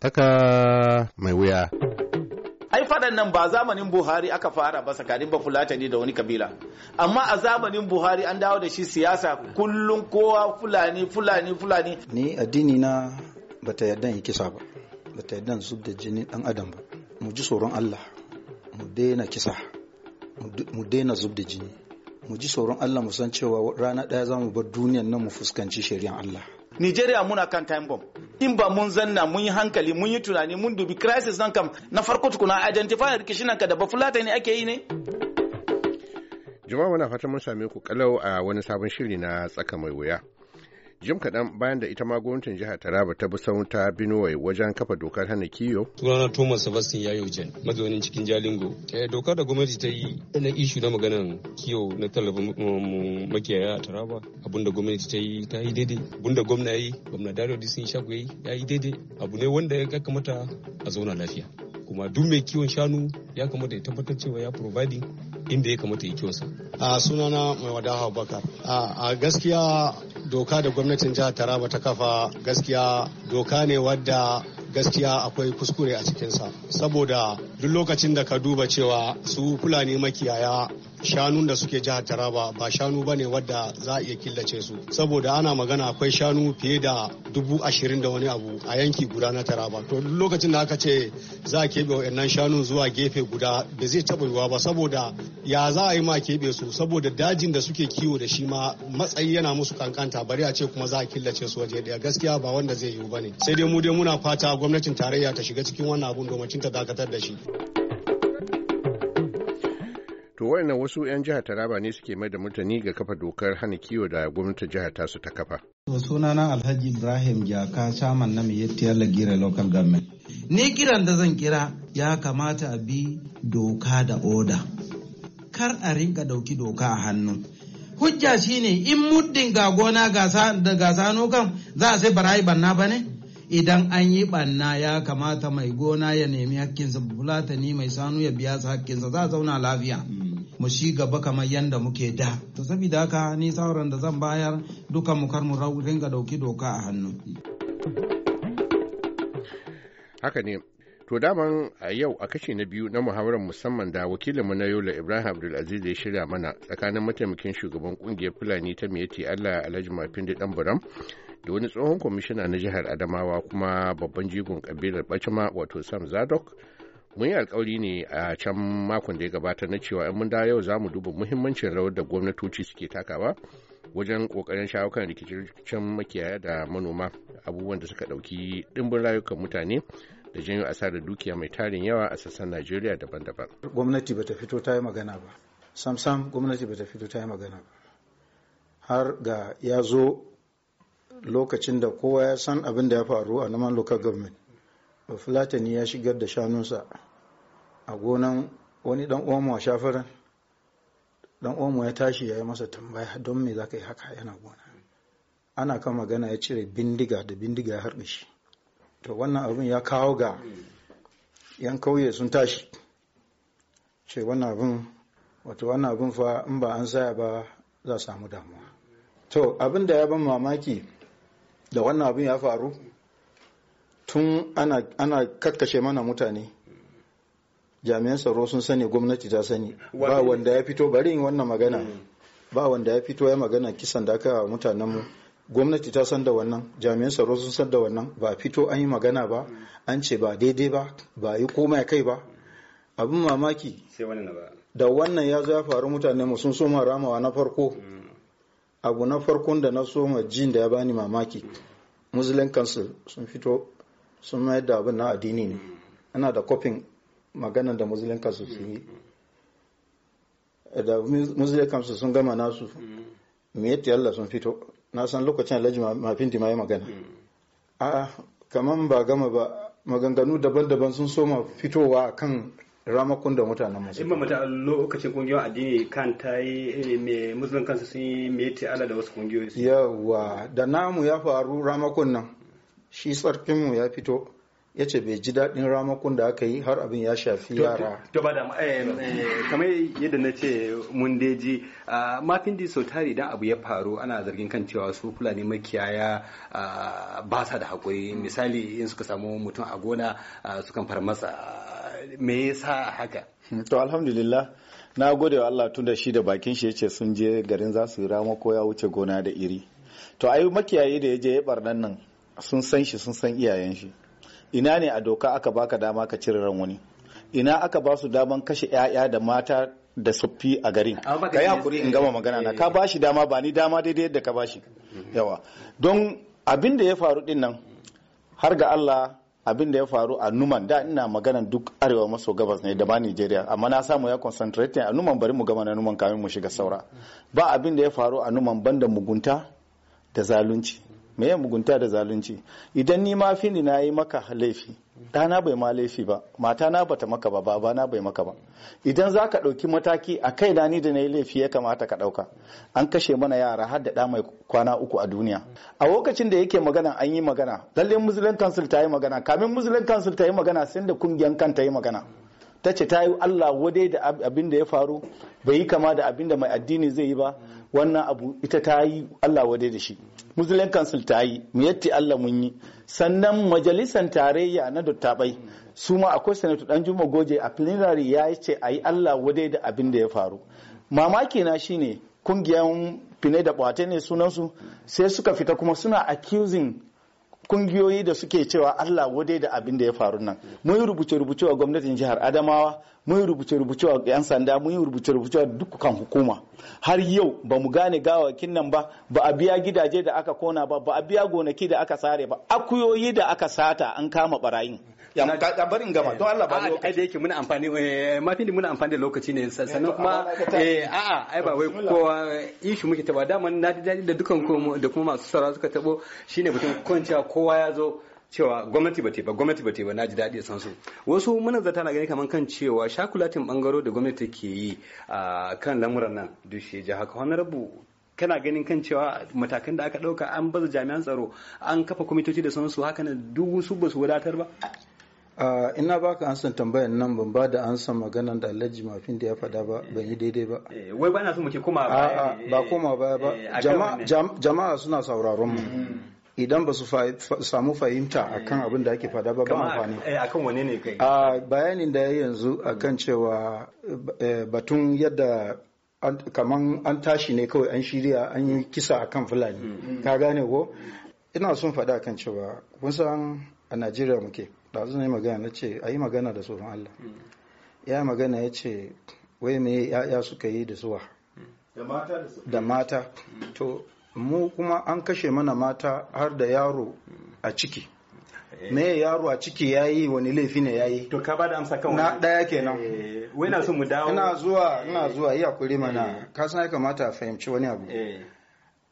tsaka mai wuya. ai faɗan nan ba zamanin buhari aka fara ba tsakanin bafulatani da wani kabila amma a zamanin buhari an dawo da shi siyasa kullum kowa fulani fulani fulani ni addini na ba ta yarda in kisa ba ba ta yarda zub da jini dan adam ba mu ji tsoron allah mu daina kisa mu daina zub da jini mu ji tsoron allah mu san cewa rana ɗaya zamu bar duniyan nan mu fuskanci shari'an allah nigeria muna kan time bomb in ba mun zanna mun yi hankali mun yi tunani mun dubi crisis nan kam na farko tukuna identify nan ka da bafulata ne ake yi ne jama'a muna fatan mun same ku kalau a wani sabon shiri na tsaka mai wuya jim kaɗan bayan da ita ma gwamnatin jihar taraba ta bi ta binuwai wajen kafa dokar hana kiyo sunana thomas sebastian yayo jen mazaunin cikin jalingo eh, dokar da gwamnati ta yi na ishu na maganan kiyo na tallafin makiyaya a taraba abinda gwamnati ta yi ta yi daidai abinda gwamna yi gwamna dario sun shagu ya yi daidai abu ne wanda ya kamata a zauna lafiya kuma duk mai kiwon shanu ya kamata ya tabbatar cewa ya providing inda ya kamata ya kiwonsa. a sunana mai bakar a gaskiya doka da gwamnatin jihar taraba ta kafa gaskiya doka ne wadda gaskiya akwai kuskure a cikinsa saboda duk lokacin da ka duba cewa su fulani makiyaya shanun da suke jihar Taraba ba shanu bane wadda za a iya killace su saboda ana magana akwai shanu fiye da dubu ashirin da wani abu a yanki guda na Taraba to lokacin da aka ce za a keɓe wa'annan shanun zuwa gefe guda ba zai taɓa yiwuwa ba saboda ya za a yi ma keɓe su saboda dajin da suke kiwo da shi ma matsayi yana musu kankanta bari a ce kuma za a killace su waje ɗaya gaskiya ba wanda zai yiwu bane sai dai mu dai muna fata gwamnatin tarayya ta shiga cikin wannan abun domin ta dakatar da shi. to wayannan wasu 'yan jihar taraba ne suke mai da mutane ga kafa dokar hana kiwo da gwamnatin jihar tasu ta kafa to sunana alhaji ibrahim jaka chairman na miyettiyar lagira local government ni kiran da zan kira ya kamata a bi doka da oda kar a rinka dauki doka a hannu hujja shine in muddin ga gona da gasano kan za a sai barayi banna ba ne idan an yi banna ya kamata mai gona ya nemi hakkinsa bulatani mai sanu ya biya su hakkinsa za a zauna lafiya. mu shi gaba kamar yadda muke da to saboda haka ni sauran da zan bayar dukan mu kar mu ringa dauki doka a hannu haka ne to daman a yau a kashi na biyu na muhawarar musamman da wakilinmu na yola ibrahim abdulaziz ya shirya mana tsakanin mataimakin shugaban kungiyar fulani ta miyati allah alhaji mafindi dan da wani tsohon kwamishina na jihar adamawa kuma babban jigon kabilar bacima wato sam zadok mun yi alkawari ne a can makon da ya gabata na cewa in mun da yau za mu duba muhimmancin rawar da gwamnatoci suke takawa wajen kokarin shawo kan rikicin makiyaya da manoma abubuwan da suka ɗauki ɗimbin rayukan mutane da janyo asarar dukiya mai tarin yawa a sassan najeriya daban-daban gwamnati bata fito ta yi magana ba sam-sam gwamnati bata fito ta yi magana ba har ga ya zo lokacin da kowa ya san abin da ya faru a naman local government fulatani ya shigar da shanunsa a gonan wani dan uwanmu a dan uwanmu ya tashi ya yi masa tambaya don me za ka yi haka yana gona ana kan magana ya cire bindiga da bindiga ya harbe shi to wannan abin ya kawo ga yan kauye sun tashi ce wannan abin wato wannan abin fa in ba an saya ba za samu damuwa to abin da ya ban mamaki da wannan abin ya faru tun ana, ana kakkashe mana mutane jami'an tsaro sun sani gwamnati ta sani ba wanda ya fito bari yin wannan magana hmm. ba wanda ya fito ya magana kisan da aka mutanenmu gwamnati ta san da wannan jami'an tsaro sun san da wannan ba fito an yi magana ba an ce ba daidai ba ba yi komai kai ba abin mamaki da wannan ya zo ya faru mutane mu sun soma ramawa na farko hmm. abu na farkon da na soma jin da ya bani mamaki muslim council sun fito sun mayar da abin na addini ne ana da kofin maganan da musulunka su yi da musulunka su sun gama nasu yadda Allah sun fito na san lokacin alhaji mafin ma ya magana a'a kaman ba gama ba maganganu daban-daban sun soma fitowa kan ramakun da mutanen musu. Imam mata lokacin kungiyar addini kan ta yi eh, mai musulun kansu sun yi mai ta'ala da wasu kungiyoyi. Yawa da namu ya faru ramakun nan shi tsarkinmu ya fito ya ce bai ji daɗin ramakun da aka yi har abin ya shafi yara. To ba da eh, eh, kamar yadda na ce mun deji ah, mafin di sau tari idan abu ya faru ana zargin kan cewa su fulani makiyaya ah, ba sa da haƙuri misali in suka samu mutum a gona ah, sukan far masa me yasa haka. Hmm, to alhamdulillah na gode wa Allah tun da shi da bakin shi ya ce sun je garin za su yi ramako ya wuce gona da iri. To ai makiyayi da ya je ya barnan nan sun san shi sun san iyayen shi ina ne a doka aka baka dama ka cire ran wani ina aka ba su daman kashe 'ya'ya da mata da suffi a garin ka yi hakuri in eh, gama magana na eh. ka bashi dama ba ni dama daidai yadda ka ba shi yawa don abin da ya faru din nan har ga Allah abin da ya faru a numan da ina maganan duk arewa maso gabas ne da ba Nigeria amma na samu ya concentrate a numan bari mu gama na numan kamin mu shiga saura ba abin da ya faru a numan banda mugunta da zalunci ya mugunta da zalunci idan ni ma fini na yi maka laifi dana bai ma laifi ba mata na bata maka ba baba na bai maka ba idan za ka ɗauki mataki a kai na ni da na yi laifi ya kamata ka ɗauka an kashe mana yara har da ɗa mai kwana uku a duniya a lokacin da yake magana an yi magana lalle muslim council ta yi magana kamin muslim council ta yi magana sai da kungiyan kan ta yi magana ta ce ta yi allah wadai da abin da ya faru bai yi kama da abin da mai addini zai yi ba wannan abu ita ta yi Allah wade da shi Muslim Council ta yi miyatti Allah mun yi sannan majalisan tarayya na dattabai su ma akwai senator dan juma goje a plenary ya yi ce a yi Allah wade da abin da ya faru mamaki na shine kungiyan fine da bwate ne sunansu sai suka fita kuma suna accusing kungiyoyi da suke cewa Allah wade da abin da ya faru nan mun rubuce rubuce wa gwamnatin jihar Adamawa mun rubuce-rubuce wa 'yan sanda mun rubuce-rubuce wa dukkan hukuma har yau ba mu gane gawakin nan ba ba a biya gidaje da aka kona ba ba a biya gonaki da aka sare ba akuyoyi da aka sata an kama barayin ya mu ka barin gama don Allah ba lokaci kai da yake muna amfani eh, mafi da muna amfani da lokaci ne sannan eh, kuma eh, a'a ai ba wai kowa ishi muke taba daman na da dukkan da kuma masu sauraro suka tabo shine mutum kwanciya kowa ya zo cewa gwamnati ba ba gwamnati ba ba na ji daɗi san su wasu manazarta na gani kamar kan cewa shakulatin bangaro da gwamnati ke yi a kan lamuran nan duk shi ji haka rabu kana ganin kan cewa matakan da aka ɗauka an baza jami'an tsaro an kafa kwamitoci da sansu haka na duk su ba su wadatar ba ina baka ansan tambayar nan ban ba da ansan maganan da alhaji mafin da ya faɗa ba ban yi daidai ba eh, eh, wai ba na so muke koma ba ba koma ba eh, jama'a suna sauraron mu mm-hmm. idan ba su samu fahimta akan abin da ake fada ba ba amfani eh, a bayanin da ya yanzu a kan cewa eh, batun yadda kaman an tashi ne kawai an shirya an yi kisa akan fulani mm-hmm. ka gane ko ina son a kan cewa kun san a najeriya muke da yi magana ce a yi magana da tsoron allah mm-hmm. ya yi magana ya ce wai me ya'ya suka yi da zuwa mm. da mata mm. to mu kuma an kashe mana mata har da yaro a ciki eh. me yaro a ciki ya yi wani laifi ne yi. to ka da amsa kan na daya kenan eh, wai na so mu dawo ina zuwa ina eh. zuwa iya kuri mana ka san kamata a fahimci wani abu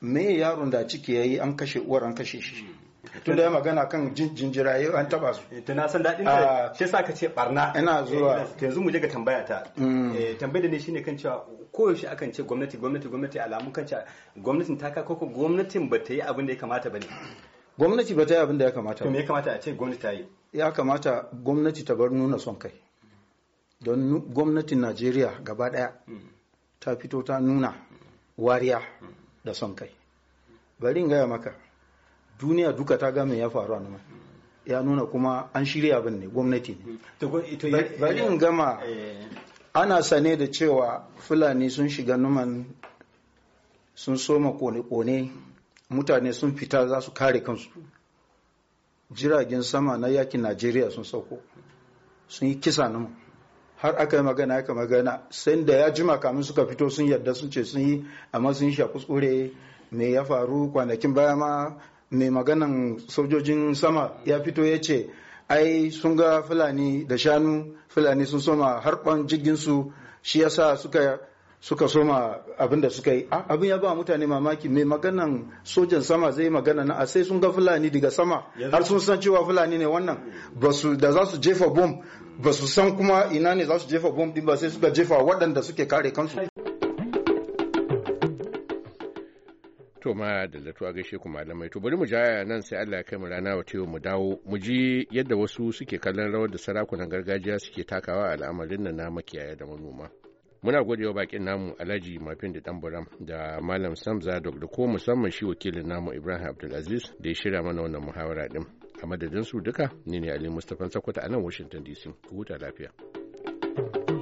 me yaron da ciki yayi an kashe uwar an kashe shi hmm. tun da ya magana kan jinjiraye eh, an taba su eh, to na san dadin da ah. shi sa ka ce barna eh, ina zuwa yanzu mu je ga tambaya ta mm. tambayar da ne shine kan cewa ko yaushe akan ce gwamnati gwamnati gwamnati alamun kan cewa gwamnatin ta ka koko gwamnatin ba ta yi abin da ya kamata ba ne gwamnati ba ta yi abin da ya kamata ba me ya kamata a ce gwamnati ta yi ya kamata gwamnati ta bar nuna son kai don gwamnatin Najeriya gaba daya mm. ta fito ta nuna wariya mm. da son kai bari in gaya maka duniya duka ta me ya faru a nan ya nuna kuma an shirya abin ne gwamnati ne bari in gama eh. ana sane da cewa fulani sun shiga numan sun soma kone-kone mutane sun fita za su kare kansu jiragen sama na yakin najeriya sun sauko sun yi kisa nan har aka yi magana aka magana sai da ya jima kamin suka fito sun yarda sun ce sun yi amma sun yi kuskure me ya faru kwanakin baya ma mai maganan sojojin sama ya fito ya ce ai sun ga fulani da shanu fulani sun soma harban jirginsu shi yasa suka suka soma abin da suka yi abin ya ba mutane mamaki mai maganan sojan sama zai yi magana na sai sun ga fulani daga sama har sun san cewa fulani ne wannan da za su jefa bom ba su san kuma ina ne za su jefa bom din ba sai suka jefa waɗanda suke kare kansu To ma da latuwa gaishe ku malamai to bari mu jaya nan sai Allah ya kai mu rana wa mu dawo mu ji yadda wasu suke kallon rawar da sarakunan gargajiya suke takawa a al'amarin nan na makiyaya da manoma. Muna gode wa bakin namu Alhaji Mafin da Tamburam da Malam Sam Zadok da ko musamman shi wakilin namu Ibrahim Abdulaziz da ya shirya mana wannan muhawara din. A madadin su duka ni ne Ali Mustapha Sakwata a nan Washington DC. Ku huta lafiya. thank you